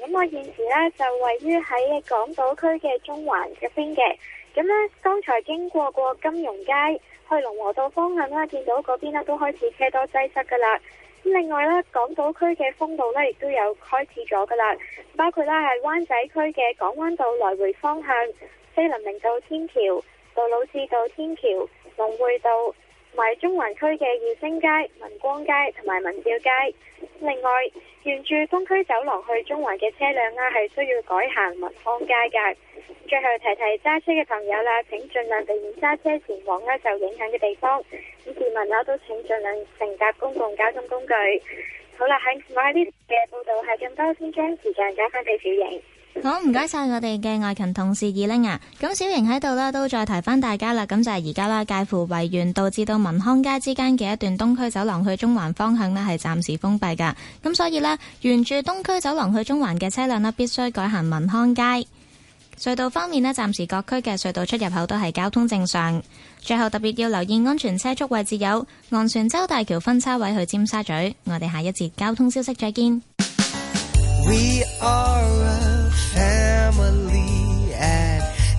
咁、嗯、我現時咧就位於喺港島區嘅中環入邊嘅，咁咧剛才經過過金融街、去龍和道方向啦，見到嗰邊咧都開始車多擠塞噶啦。咁另外咧，港島區嘅封路咧亦都有開始咗噶啦，包括咧係灣仔區嘅港灣道來回方向、菲林明道天橋、杜老誌道天橋、龍匯道。同埋中環區嘅耀星街、文光街同埋文兆街。另外，沿住東區走廊去中環嘅車輛啊，係需要改行文康街噶。最後提提揸車嘅朋友啦，啊，請盡量避免揸車前往呢，啊、受影響嘅地方。市民啊，都請盡量乘搭公共交通工具。好啦，喺 myTV 嘅報道係咁多，先將時間交翻俾小穎。好，唔該晒我哋嘅外勤同事二玲啊，咁小瑩喺度啦，都再提翻大家啦，咁就係而家啦，介乎維園導致到民康街之間嘅一段東區走廊去中環方向呢，係暫時封閉嘅，咁所以呢，沿住東區走廊去中環嘅車輛呢，必須改行民康街。隧道方面呢，暫時各區嘅隧道出入口都係交通正常。最後特別要留意安全車速位置有岸船洲大橋分叉位去尖沙咀。我哋下一節交通消息再見。We are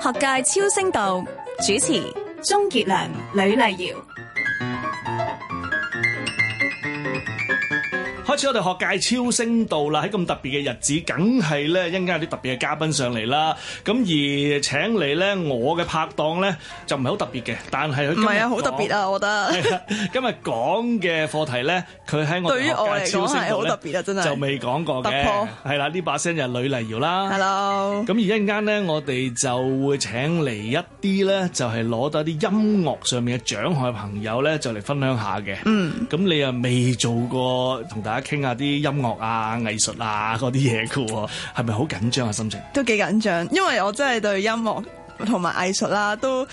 學界超聲道，主持鍾傑良、呂麗瑤。似我哋學界超聲道啦，喺咁特別嘅日子，梗係咧一陣間有啲特別嘅嘉賓上嚟啦。咁而請嚟咧，我嘅拍檔咧就唔係好特別嘅，但係佢今日唔係啊，好特別啊！我覺得今日講嘅課題咧，佢喺我學界超聲道咧就未講過嘅，係啦，呢把聲就係呂麗瑤啦。Hello，咁而一陣間咧，我哋就會請嚟一啲咧，就係攞到啲音樂上面嘅獎項嘅朋友咧，就嚟分享下嘅。嗯，咁你又未做過同大家？傾下啲音樂啊、藝術啊嗰啲嘢嘅喎，係咪好緊張啊？心情？都幾緊張，因為我真係對音樂同埋藝術啦，都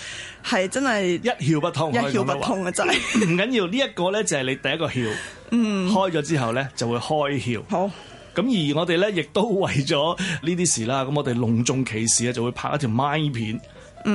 係真係一竅不通，一竅不通嘅 真係的。唔緊要，呢、這、一個咧就係你第一個竅，嗯， 開咗之後咧就會開竅。好，咁而我哋咧亦都為咗呢啲事啦，咁我哋隆重其事啊，就會拍一條 My 片。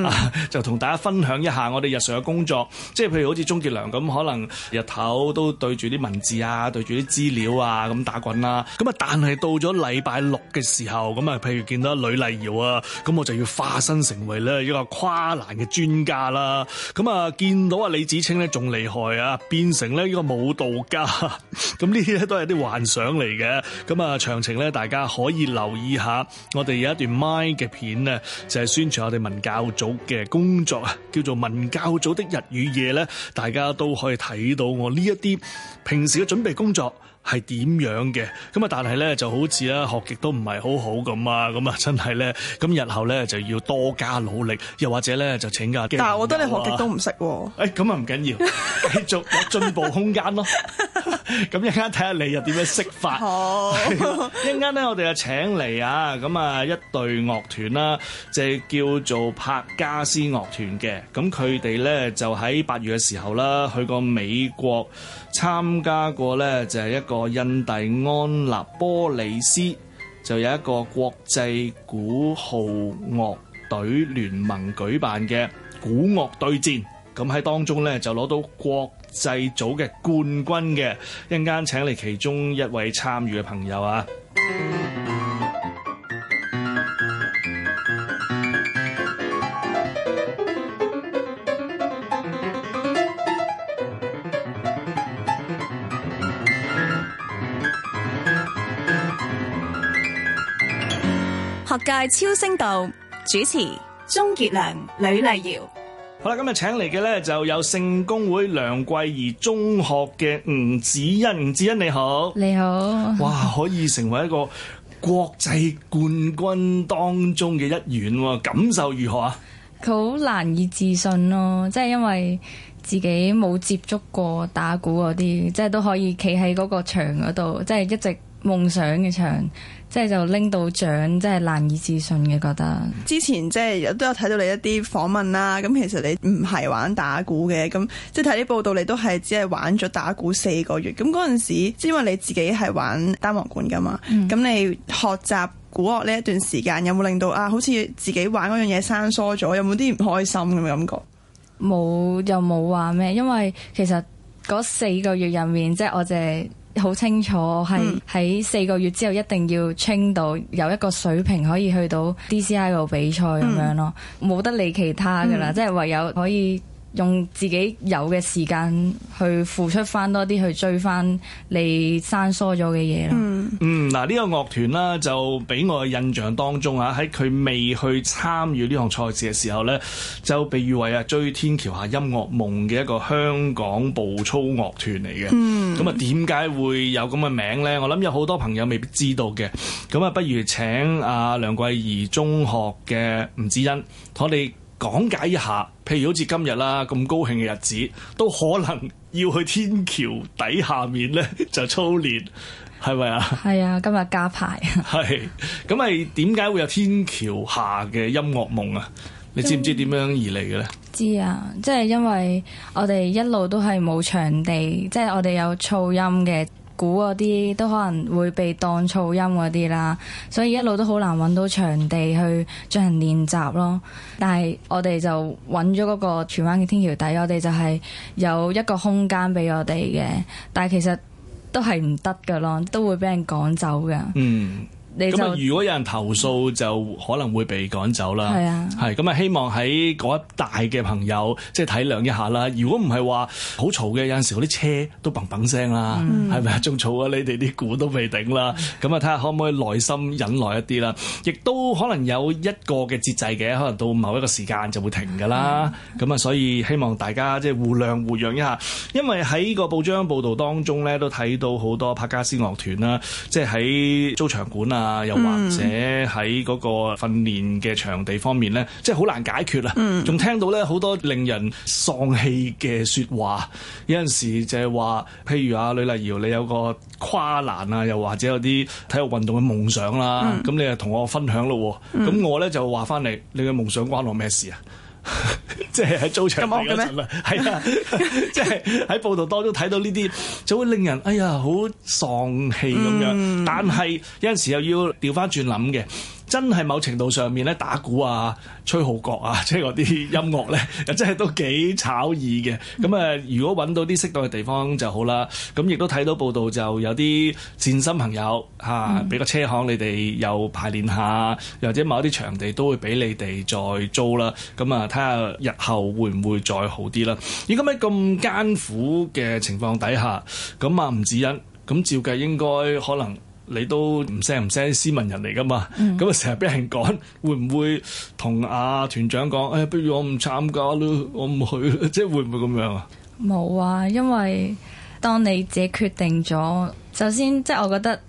啊，嗯、 就同大家分享一下我哋日常嘅工作，即係譬如好似鍾傑良咁，可能日頭都對住啲文字啊，對住啲資料啊咁打滾啦。咁啊，但係到咗禮拜六嘅時候，咁啊，譬如見到呂麗瑤啊，咁我就要化身成為咧一個跨欄嘅專家啦。咁、嗯、啊，見到啊李子清咧仲厲害啊，變成咧一個舞蹈家。咁呢啲咧都係啲幻想嚟嘅。咁、嗯、啊，詳情咧大家可以留意下，我哋有一段麥嘅片咧，就係宣傳我哋文教組嘅工作啊，叫做文教組的日與夜咧，大家都可以睇到我呢一啲平時嘅準備工作係點樣嘅。咁啊，但係咧就好似啦，學極都唔係好好咁啊，咁啊，真係咧，咁日後咧就要多加努力，又或者咧就請假。但係我覺得你學極都唔識喎。誒，咁啊唔緊要，繼續有進步空間咯。咁一陣間睇下你又點樣識法？一陣間咧， 我哋就請嚟啊，咁啊一隊樂團啦，就係叫做珀珈斯樂團嘅。咁佢哋咧就喺八月嘅時候啦，去過美國參加過咧，就係一個印第安納波里斯就有一個國際鼓號樂隊聯盟舉辦嘅鼓樂對戰。咁喺當中咧就攞到國制組嘅冠軍嘅，一陣間請嚟其中一位參與嘅朋友啊！學界超聲道主持：鍾傑良、呂麗瑤。好啦，今日請嚟嘅呢就有聖公會梁季彝中學嘅吳紫茵。吳紫茵你好，你好。你好哇，可以成為一個國際冠軍當中嘅一員，感受如何 啊？佢好難以置信咯，即係因為自己冇接觸過打鼓嗰啲，即係都可以企喺嗰個場嗰度，即係一直夢想嘅場。即係就拎到獎，即係難以置信嘅覺得。之前即係都有睇到你一啲訪問啦，咁其實你唔係玩打鼓嘅，咁即係睇啲報道你都係只係玩咗打鼓四個月。咁嗰陣時，即係因為你自己係玩單簧管噶嘛，咁、嗯、你學習鼓樂呢一段時間，有冇令到啊？好似自己玩嗰樣嘢生疏咗，有冇啲唔開心咁嘅感覺？冇，又冇話咩？因為其實嗰四個月入面，即係我哋。好清楚，係喺四個月之後一定要清到有一個水平，可以去到 D.C.I 度比賽咁、嗯、樣咯，冇得理其他噶啦，嗯、即係唯有可以。用自己有嘅時間去付出翻多啲，去追翻你生疏咗嘅嘢咯。嗯，嗱呢、嗯呢個樂團啦，就俾我嘅印象當中啊，喺佢未去參與呢項賽事嘅時候呢就被譽為啊追天橋下音樂夢嘅一個香港步操樂團嚟嘅。嗯，咁啊點解會有咁嘅名呢？我諗有好多朋友未必知道嘅。咁啊，不如請啊梁季彝中學嘅吳紫茵同我哋。講解一下，譬如好似今日啦咁高興嘅日子，都可能要去天橋底下面咧就操練，係咪啊？係啊，今日加排。係咁，係點解會有天橋下嘅音樂夢啊？嗯、你知唔知點樣而嚟嘅咧？知啊，即係因為我哋一路都係冇場地，即係我哋有噪音嘅。鼓嗰啲都可能會被當噪音嗰啲啦，所以一路都好難揾到場地去進行練習咯。但係我哋就揾咗嗰個荃灣嘅天橋底，我哋就係有一個空間俾我哋嘅。但係其實都係唔得嘅咯，都會俾人趕走嘅。嗯。咁啊！如果有人投訴，嗯、就可能會被趕走啦。係啊，係咁啊，希望喺嗰一帶嘅朋友即係體諒一下啦。如果唔係話好嘈嘅，有陣時啲車都砰砰聲啦，係咪啊？仲嘈啊！你哋啲鼓都未頂啦。咁啊、嗯，睇下可唔可以耐心忍耐一啲啦。亦都可能有一個嘅節制嘅，可能到某一個時間就會停噶啦。咁啊，所以希望大家即係互諒互讓一下。因為喺個報章報道當中咧，都睇到好多珀珈斯樂團啦，即係喺租場館啊。啊！又或者喺嗰個訓練嘅場地方面呢，即係好難解決啦。仲、嗯、聽到呢好多令人喪氣嘅説話，有陣時就係話，譬如啊，呂麗瑤，你有個跨欄啊，又或者有啲體育運動嘅夢想啦，咁、嗯、你啊同我分享咯。咁我呢，就話翻你，你嘅夢想關我咩事啊？即係喺租場嗰陣係啊，即係喺報道當中睇到呢啲，就會令人哎呀好喪氣咁樣。嗯、但係有陣時候又要調翻轉諗嘅。真係某程度上面咧，打鼓啊、吹號角啊，即係嗰啲音樂咧， 又真係都幾炒耳嘅。咁啊、嗯，如果揾到啲適當嘅地方就好啦。咁亦都睇到報道，就有啲善心朋友嚇俾、啊、個車行，你哋又排練下，又或者某一啲場地都會俾你哋再租啦。咁啊，睇下日後會唔會再好啲啦。如果喺咁艱苦嘅情況底下，咁啊吳紫茵，咁照計應該可能。你都唔聲唔聲斯文人嚟噶嘛？咁啊，成日俾人講，會唔會同阿團長講？誒、哎，不如我唔參加咯，我唔去，即係會唔會咁樣啊？冇啊，因為當你自己決定咗，首先即係我覺得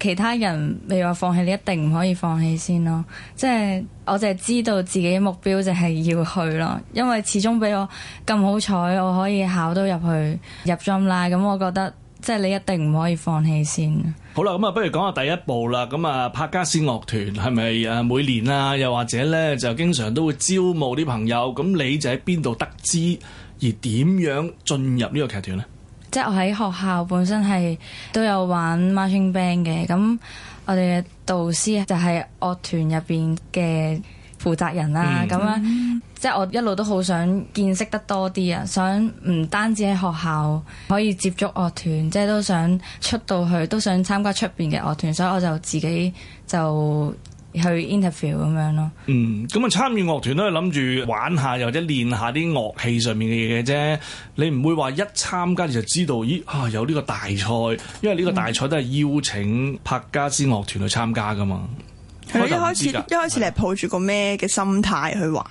其他人未話放棄，你一定唔可以放棄先咯。即係我淨係知道自己目標就係要去咯，因為始終俾我咁好彩，我可以考到入去入 join 啦。咁我覺得。即係你一定唔可以放棄先。好啦，咁啊，不如講下第一步啦。咁啊，珀珈斯樂團係咪啊每年啊，又或者咧就經常都會招募啲朋友。咁你就喺邊度得知而點樣進入呢個劇團咧？即係我喺學校本身係都有玩 Marching Band 嘅。咁我哋嘅導師就係樂團入邊嘅負責人啦。咁啊、嗯。即係我一路都好想見識得多啲啊！想唔單止喺學校可以接觸樂團，即係都想出到去，都想參加出邊嘅樂團，所以我就自己就去 interview 咁樣咯。嗯，咁啊，參與樂團都係諗住玩下又或者練下啲樂器上面嘅嘢嘅啫。你唔會話一參加你就知道，咦啊有呢個大賽，因為呢個大賽都係邀請珀珈斯樂團去參加㗎嘛。我一開始，一開始你係抱住個咩嘅心態去玩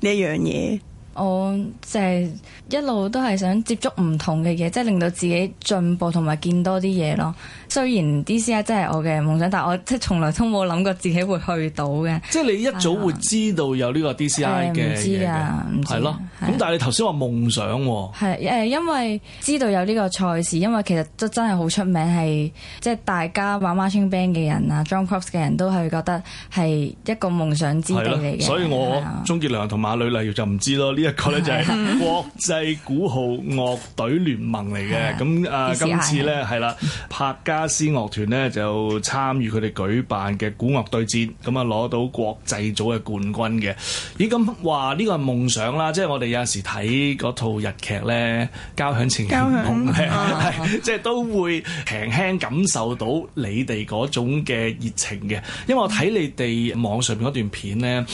呢一樣嘢？的我即係一路都係想接觸唔同嘅嘢，即、就、係、是、令到自己進步同埋見多啲嘢咯。雖然 DCI 真係我嘅夢想，但係我即係從來都冇諗過自己會去到嘅。即係你一早會知道有呢個 DCI 嘅唔嘢嘅，係咯、啊。咁、呃啊、但係你頭先話夢想係、啊、誒、啊，因為知道有呢個賽事，因為其實都真係好出名，係即係大家玩 Marching Band 嘅人啊，Drum Corps r 嘅人都係覺得係一個夢想之地嚟嘅、啊。所以我，鍾傑、啊、良同埋呂麗瑤就唔知咯。一個咧就係國際鼓號樂隊聯盟嚟嘅，咁誒今次咧係啦，柏加斯樂團咧就參與佢哋舉辦嘅鼓樂對戰，咁啊攞到國際組嘅冠軍嘅。咦、哎，咁話呢個係夢想啦，即、就、係、是、我哋有時睇嗰套日劇咧，交響情人夢咧，即係響、 就是、都會輕輕感受到你哋嗰種嘅熱情嘅，因為我睇你哋網上邊嗰段片咧。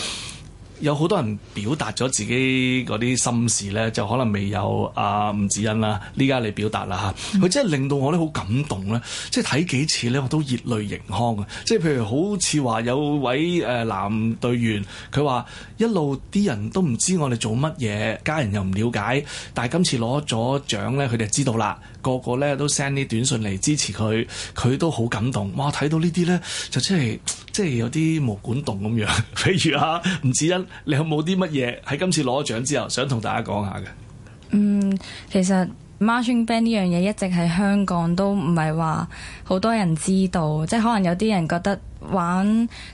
有好多人表達咗自己嗰啲心事咧，就可能未有阿、啊、吳紫茵啦，呢家你表達啦嚇。佢、嗯、真係令到我咧好感動咧，即係睇幾次咧，我都熱淚盈眶啊！即係譬如好似話有位誒、呃、男隊員，佢話一路啲人都唔知我哋做乜嘢，家人又唔了解，但係今次攞咗獎咧，佢哋知道啦，個個咧都 send 啲短信嚟支持佢，佢都好感動。哇！睇到呢啲咧，就真係～即係有啲毛管動咁樣，譬如啊，吳紫茵，你有冇啲乜嘢喺今次攞咗獎之後想同大家講下嘅？嗯，其實。Marching Band 呢樣嘢一直喺香港都唔係話好多人知道，即係可能有啲人覺得玩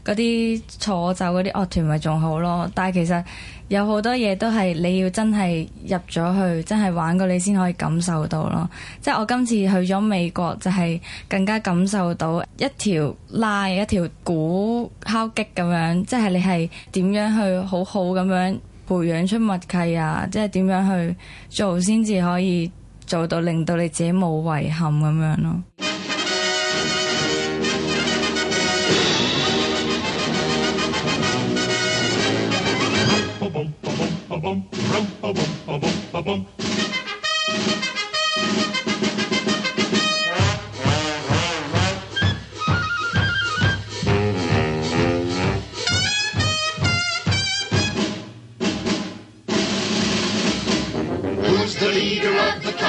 嗰啲坐就嗰啲樂團咪仲好咯，但係其實有好多嘢都係你要真係入咗去，真係玩過你先可以感受到咯。即係我今次去咗美國，就係更加感受到一條 line 一條鼓敲擊咁樣，即係你係點樣去好好咁樣培養出默契啊，即係點樣去做先至可以。做到令到你自己冇遺憾咁樣囉。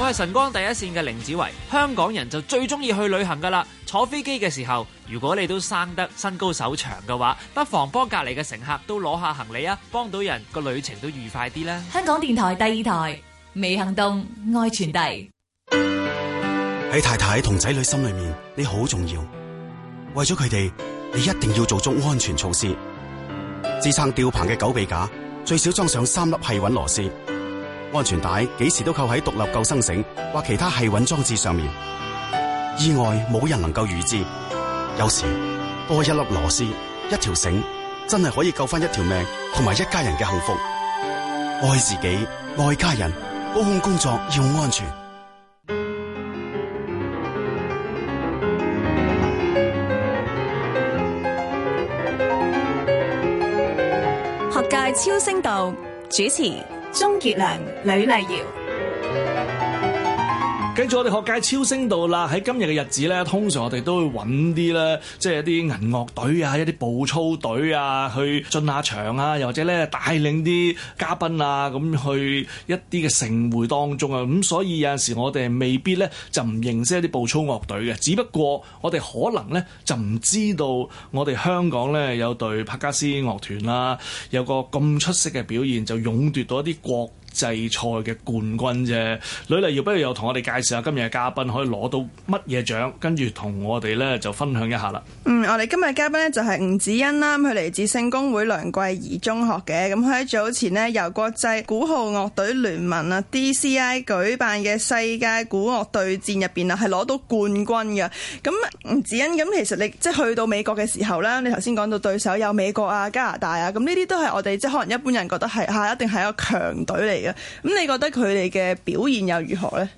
我係晨光第一綫嘅凌子維，香港人就最中意去旅行噶啦。坐飛機嘅時候，如果你都生得身高手長嘅話，不妨幫隔籬嘅乘客都攞下行李啊，幫到人個旅程都愉快啲啦。香港電台第二台，微行動愛傳遞。喺太太同仔女心裏面，你好重要。為咗佢哋，你一定要做足安全措施。支撐吊棚嘅狗臂架，最少裝上三粒氣穩螺絲。安全帶幾時都扣喺獨立救生繩或其他繫穩裝置上面。意外冇人能夠預知，有時多一粒螺絲、一條繩，真係可以救翻一條命同埋一家人嘅幸福。愛自己，愛家人，高空工作要安全。學界超聲道主持。鍾傑良、呂麗瑤。跟住我哋學界超聲道啦！喺今日嘅日子咧，通常我哋都會揾啲咧，即係一啲銀樂隊啊，一啲步操隊啊，去進下場啊，又或者咧帶領啲嘉賓啊，咁去一啲嘅盛會當中啊。咁所以有陣時我哋未必咧就唔認識一啲步操樂隊嘅，只不過我哋可能咧就唔知道我哋香港咧有隊珀珈斯樂團啦、啊，有個咁出色嘅表現就勇奪到一啲國制賽嘅冠軍啫，呂麗瑤，要不如又同我哋介紹下今日嘅嘉賓可以攞到乜嘢獎，跟住同我哋咧就分享一下啦。嗯，我哋今日嘅嘉賓咧就係吳紫茵啦。佢嚟自聖公會梁季彝中學嘅。咁佢喺早前咧由國際鼓號樂隊聯盟啊 DCI 舉辦嘅世界鼓樂對戰入邊啊，係攞到冠軍嘅。咁吳紫茵，咁其實你即係去到美國嘅時候咧，你頭先講到對手有美國啊、加拿大啊，咁呢啲都係我哋即係可能一般人覺得係吓一定係一個強隊嚟嘅。咁你覺得佢哋嘅表現又如何咧？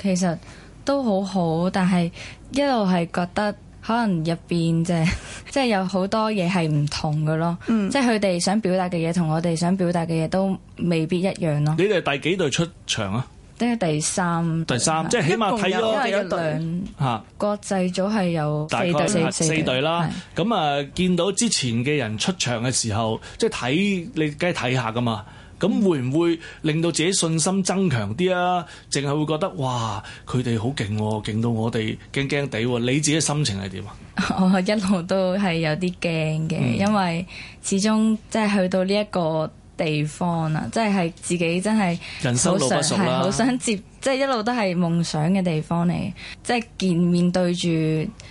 其實都好好，但係一路係覺得可能入邊即係即係有好多嘢係唔同嘅咯，嗯、即係佢哋想表達嘅嘢同我哋想表達嘅嘢都未必一樣咯。你哋第幾隊出場啊？即係第三，第三，即係起碼睇咯，有一隊吓國際組係有四隊，四隊啦。咁啊是，見到之前嘅人出場嘅時候，即係睇你梗係睇下噶嘛。咁會唔會令到自己信心增強啲啊？淨係會覺得哇，佢哋好勁，勁到我哋驚驚地。你自己心情係點啊？我一路都係有啲驚嘅，嗯、因為始終即係去到呢、這、一個地方啊，即係自己真，真係好想人生路不熟，係好想接，即係一路都係夢想嘅地方嚟。即係見面對住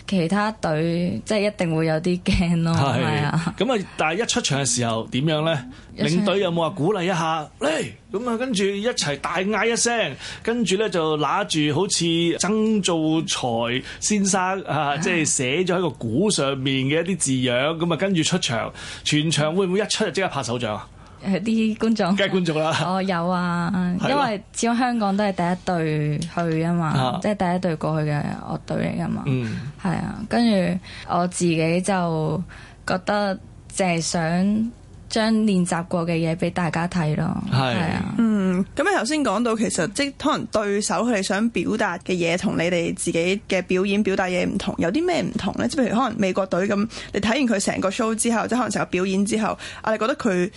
其他隊，即係一定會有啲驚咯。係啊對，咁啊，但係一出場嘅時候點樣咧？上領隊有冇話鼓勵一下？嚟咁啊，跟住一齊大嗌一聲，跟住咧就揦住好似曾造才先生啊，即係寫咗喺個鼓上面嘅一啲字樣，咁啊跟住出場，全場會唔會一出就即刻拍手掌啊？係啲觀眾，梗係觀眾啦。 哦，有啊， 因為始終香港都係第一隊去啊嘛，即係第一隊過去嘅樂隊嚟噶嘛。嗯，係啊，跟住我自己就覺得，淨係想將練習過嘅嘢俾大家睇咯。係啊，嗯，咁你頭先講到其實即係可能對手佢哋想表達嘅嘢同你哋自己嘅表演表達嘢唔同，有啲咩唔同咧？即譬如可能美國隊咁，你睇完佢成個 show 之後，即可能成個表演之後，我、啊、哋覺得佢。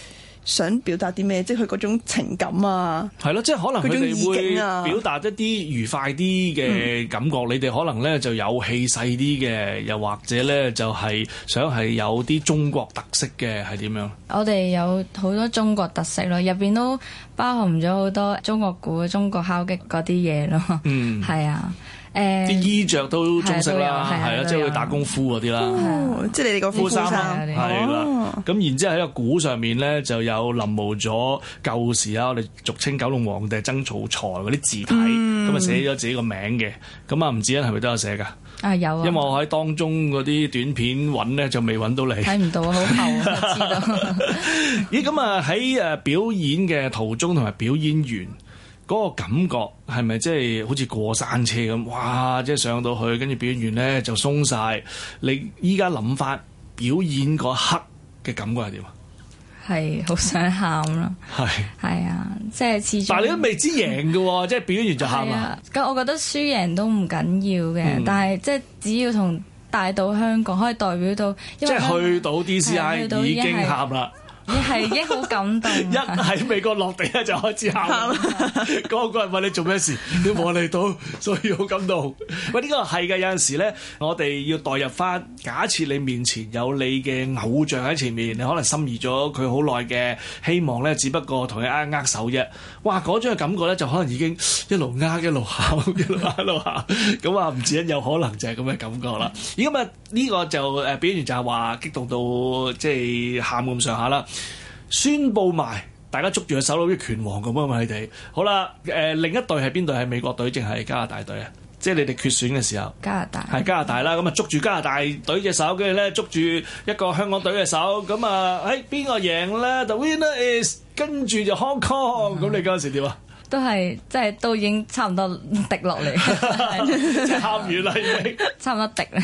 想表達啲咩？即係佢嗰種情感啊，係咯，即係可能佢嗰種意境、啊、會表達一啲愉快啲嘅感覺。嗯、你哋可能咧就有氣勢啲嘅，又或者咧就係、是、想係有啲中國特色嘅，係點樣？我哋有好多中國特色咯，入邊都包含咗好多中國鼓、中國敲擊嗰啲嘢咯。嗯，係啊。誒啲衣着都中式啦，係咯，即係會打功夫嗰啲啦，即係你哋個科衫啦，係啦。咁然之後喺個鼓上面咧，就有臨摹咗舊時啊，我哋俗稱九龍皇帝曾灶財嗰啲字體，咁啊寫咗自己個名嘅。咁啊，吳紫茵係咪都有寫噶？啊有，因為我喺當中嗰啲短片揾咧就未揾到你，睇唔到啊，好厚，咦？咁啊喺誒表演嘅途中同埋表演完。嗰個感覺係咪即係好似過山車咁？哇！即係上到去，跟住表演完咧就鬆晒。你依家諗法，表演嗰刻嘅感覺係點啊？係好想喊咯！係係是啊！即係始終，但係你都未知贏㗎喎，即係表演完就喊啊！咁我覺得輸贏都唔緊要嘅，嗯、但係即係只要同帶到香港，可以代表到，即係去到 D C I、啊、已經喊啦。你係已經好感動， 一喺美國落地咧 就開始喊，嗰個 個人問你做咩事， 你望你到，所以好感動。喂，呢個係嘅，有陣時咧，我哋要代入翻，假設你面前有你嘅偶像喺前面，你可能心儀咗佢好耐嘅希望咧，只不過同佢握握手啫。哇，嗰種嘅感覺咧，就可能已經一路握一路喊， 一路喊一路喊，咁啊，唔知有可能就係咁嘅感覺啦。而咁啊，呢個就誒表現就係話激動到即係喊咁上下啦。宣布埋，大家捉住隻手，好似拳王咁啊！你哋好啦，誒、呃、另一隊係邊隊？係美國隊定係加拿大隊啊？即係你哋決選嘅時候，加拿大係加拿大啦。咁、嗯、啊，捉住加拿大隊隻手，跟住咧捉住一個香港隊嘅手。咁、嗯、啊，誒邊個贏咧？The winner is 跟住就 Hong Kong，嗯。咁你嗰陣時點啊？都係即係都已經差唔多滴落嚟，即係完啦已經，差唔多滴啦。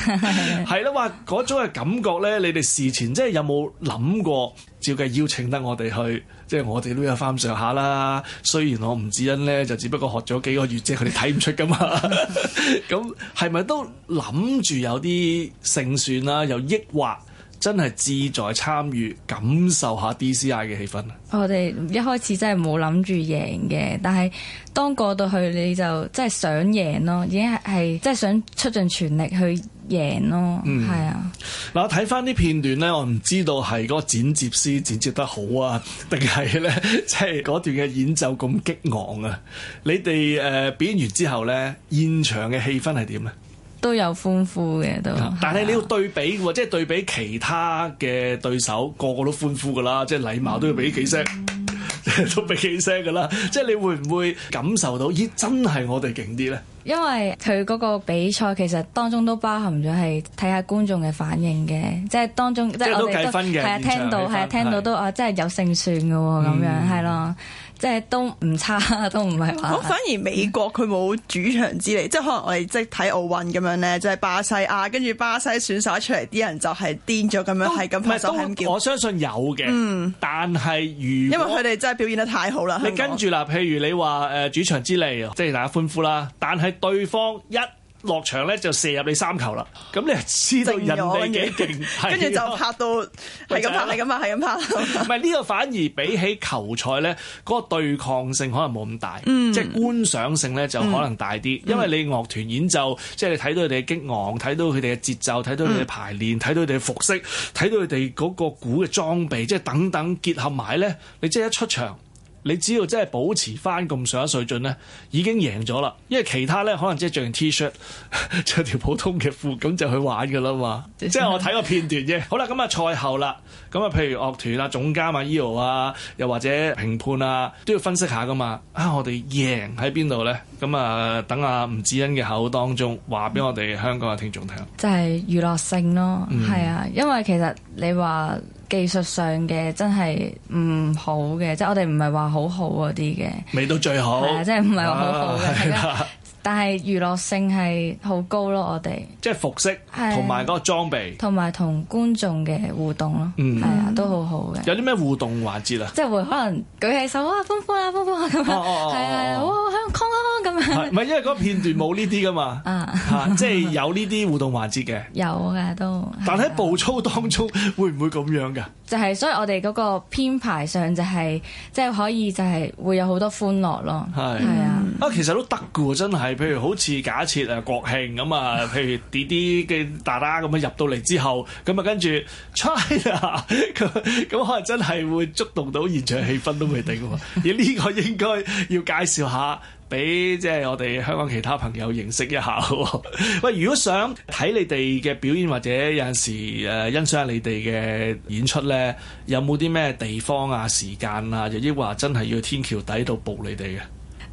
係 咯， 話嗰種嘅感覺咧，你哋事前即係有冇諗過？照計邀請得我哋去，即係我哋都有翻上下啦。雖然我吳紫茵咧就只不過學咗幾個月即啫，佢哋睇唔出噶嘛。咁係咪都諗住有啲勝算啦？又抑或？真係志在參與，感受下 D.C.I 嘅氣氛。我哋一開始真係冇諗住贏嘅，但係當過到去你就真係想贏咯，已經係即係想出盡全力去贏咯，係、嗯、啊。嗱，我睇翻啲片段咧，我唔知道係嗰剪接師剪接得好啊，定係咧即係嗰段嘅演奏咁激昂啊？你哋誒、呃、表演完之後咧，現場嘅氣氛係點啊？都有歡呼嘅都、嗯，但係你要對比喎，啊、即係對比其他嘅對手，個個都歡呼嘅啦，即係禮貌都要俾幾聲，都俾幾聲嘅啦。即係你會唔會感受到？咦，真係我哋勁啲咧？因為佢嗰個比賽其實當中都包含咗係睇下觀眾嘅反應嘅，即係當中即係都計分嘅。係啊、嗯、聽到係聽，聽到都啊，即係有勝算嘅喎，咁樣係咯。即係都唔差，都唔係話。咁反而美國佢冇主場之利， 即係可能我哋即係睇奧運咁樣咧，就係、是、巴西亞跟住巴西選手出嚟，啲人就係癲咗咁樣，係咁拍手上，係咁叫。我相信有嘅，嗯。但係如因為佢哋真係表現得太好啦，你跟住啦港，譬如你話誒、呃、主場之利，即係大家歡呼啦，但係對方一。落場咧就射入你三球啦，咁你係知道人哋幾勁，跟住了 就拍到係咁 拍，係咁拍。係咁拍。唔係呢個反而比起球賽咧，嗰、嗰個對抗性可能冇咁大，即係、嗯、觀賞性咧就可能大啲。嗯、因為你樂團演奏，即、就、係、是、你睇到佢哋嘅激昂，睇到佢哋嘅節奏，睇到佢哋嘅排練，睇、嗯、到佢哋嘅服飾，睇到佢哋嗰個鼓嘅裝備，即、就、係、是、等等結合埋咧，你即係一出場。你只要真係保持翻咁上一水準咧，已經贏咗啦。因為其他咧，可能即係着件 T-shirt，着條普通嘅褲，咁就去玩噶啦嘛。至少 即係我睇個片段啫。 好啦，咁啊賽後啦，咁啊譬如樂團啊總監啊 Eo 啊，又或者評判啊，都要分析下噶嘛。啊，我哋贏喺邊度咧？咁啊，等阿吳紫茵嘅口當中話俾我哋香港嘅聽眾聽，就係娛樂性咯。係、嗯、啊，因為其實你話。技術上嘅真係唔好嘅，即係我哋唔係話好好嗰啲嘅，未到最好，係啊，即係唔係話好好嘅。啊吧但係娛樂性係好高咯，我哋即係服飾，同埋個裝備，同埋同觀眾嘅互動咯，係啊，都好好嘅。有啲咩互動環節啊？即係會可能舉起手啊，歡呼啊，歡呼啊咁樣，係啊，哇香港咁樣，唔係因為個片段冇呢啲噶嘛，啊，即係有呢啲互動環節嘅。有嘅都。但喺步操當中會唔會咁樣噶？就係所以我哋個編排上就係即係可以就係會有好多歡樂咯，係啊，啊其實都得嘅，真係。係，譬如好似假設啊，國慶咁啊，譬如啲啲嘅，嗱嗱咁啊，入到嚟之後，咁啊，跟住 Try 咁可能真係會觸動到現場氣氛都未定喎。 而呢個應該要介紹下，俾即係我哋香港其他朋友認識一下。喂， 如果想睇你哋嘅表演，或者有陣時誒欣賞下你哋嘅演出咧，有冇啲咩地方啊、時間啊，亦話真係要天橋底度捕你哋嘅？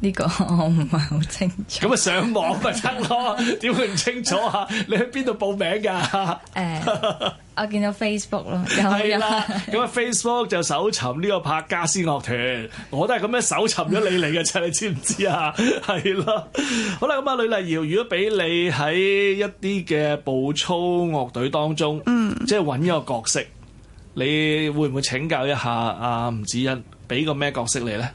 呢個我唔係好清楚，咁啊上網咪得咯，點 會唔清楚啊？你喺邊度報名噶？誒 ，uh, 我見到 Facebook 咯，係啦，咁啊 Facebook 就搜尋呢個珀珈斯樂團，我都係咁樣搜尋咗你嚟嘅啫， 你知唔知啊？係 啦，好啦，咁啊呂麗瑤，如果俾你喺一啲嘅步操樂隊當中，嗯，即係搵一個角色，你會唔會請教一下阿吳紫茵，俾、啊、個咩角色你咧？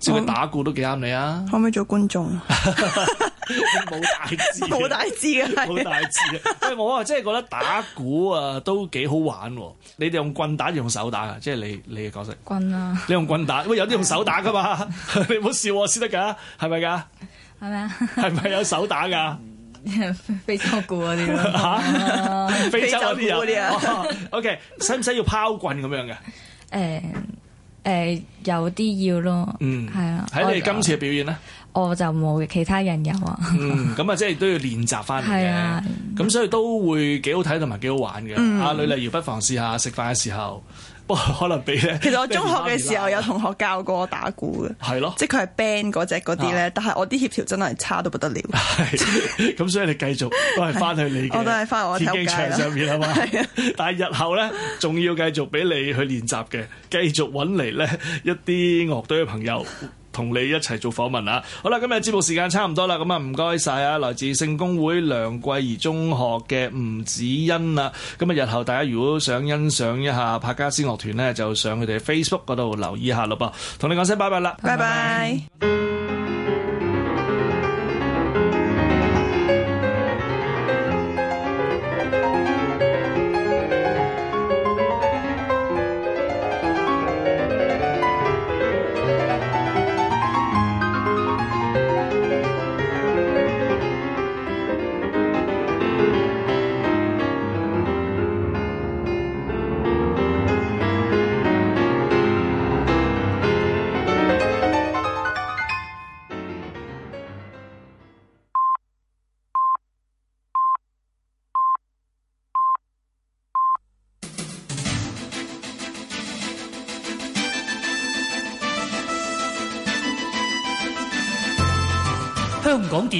做打鼓都幾啱你啊！可唔可以做觀眾？冇 大字。冇大字嘅冇大志。喂，我啊，真係覺得打鼓啊都幾好玩喎！你哋用棍打用手打啊，即係你你嘅角色棍啊！你用棍打，喂有啲用手打噶嘛？ 你唔好笑我先得㗎，係咪㗎？係咪啊？係咪 有手打㗎？ 非洲鼓嗰啲咯嚇，非洲嗰啲啊。O K，使唔使要拋棍咁樣嘅、啊？誒、欸。誒、呃，有啲要咯，嗯，係啊的，睇你今次嘅表演咧，我就冇，其他人有啊。嗯，咁啊，即係都要練習翻嚟嘅，咁 的所以都會幾好睇同埋幾好玩嘅。阿呂麗瑤不妨試下食飯嘅時候。可能俾咧。其實我中學嘅時候爸爸媽媽有同學教過我打鼓嘅，係咯的，即係佢係 band 嗰隻嗰啲咧。啊、但係我啲協調真係差到不得了，咁的 所以你繼續都係翻去你嘅。我都係翻去我自己場上， 我我上面係嘛？的但係日後咧，仲 要繼續俾你去練習嘅，繼續揾嚟咧一啲樂隊嘅朋友。 同你一齊做訪問啊！好啦，今日節目時間差唔多啦，咁啊唔該晒啊，來自聖公會梁季彝中學嘅吳紫茵啊，咁啊，日後大家如果想欣賞一下珀珈斯樂團呢，就上佢哋 Facebook 嗰度留意下咯噃，同你講聲拜拜啦，拜拜。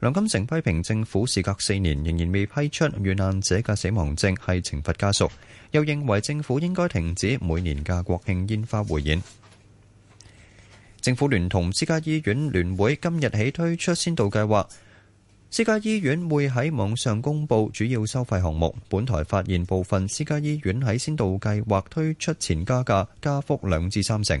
梁金成批評政府時隔四年仍然未批出遇難者嘅死亡證，係懲罰家屬。又認為政府應該停止每年嘅國慶煙花匯演。政府聯同私家醫院聯會今日起推出先導計劃，私家醫院會喺網上公布主要收費項目。本台發現部分私家醫院喺先導計劃推出前加價加幅兩至三成。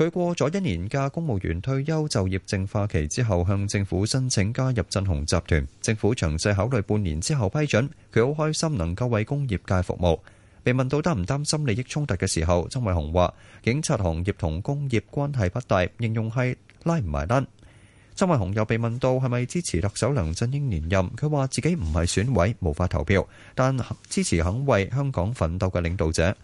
佢過咗一年嘅公務員退休就業淨化期之後，向政府申請加入振雄集團。政府詳細考慮半年之後批准。佢好開心能夠為工業界服務。被問到擔唔擔心利益衝突嘅時候，曾偉雄話：警察行業同工業關係不大，形容係拉唔埋單。曾偉雄又被問到係咪支持特首梁振英連任，佢話自己唔係選委，無法投票，但支持肯為香港奮鬥嘅領導者。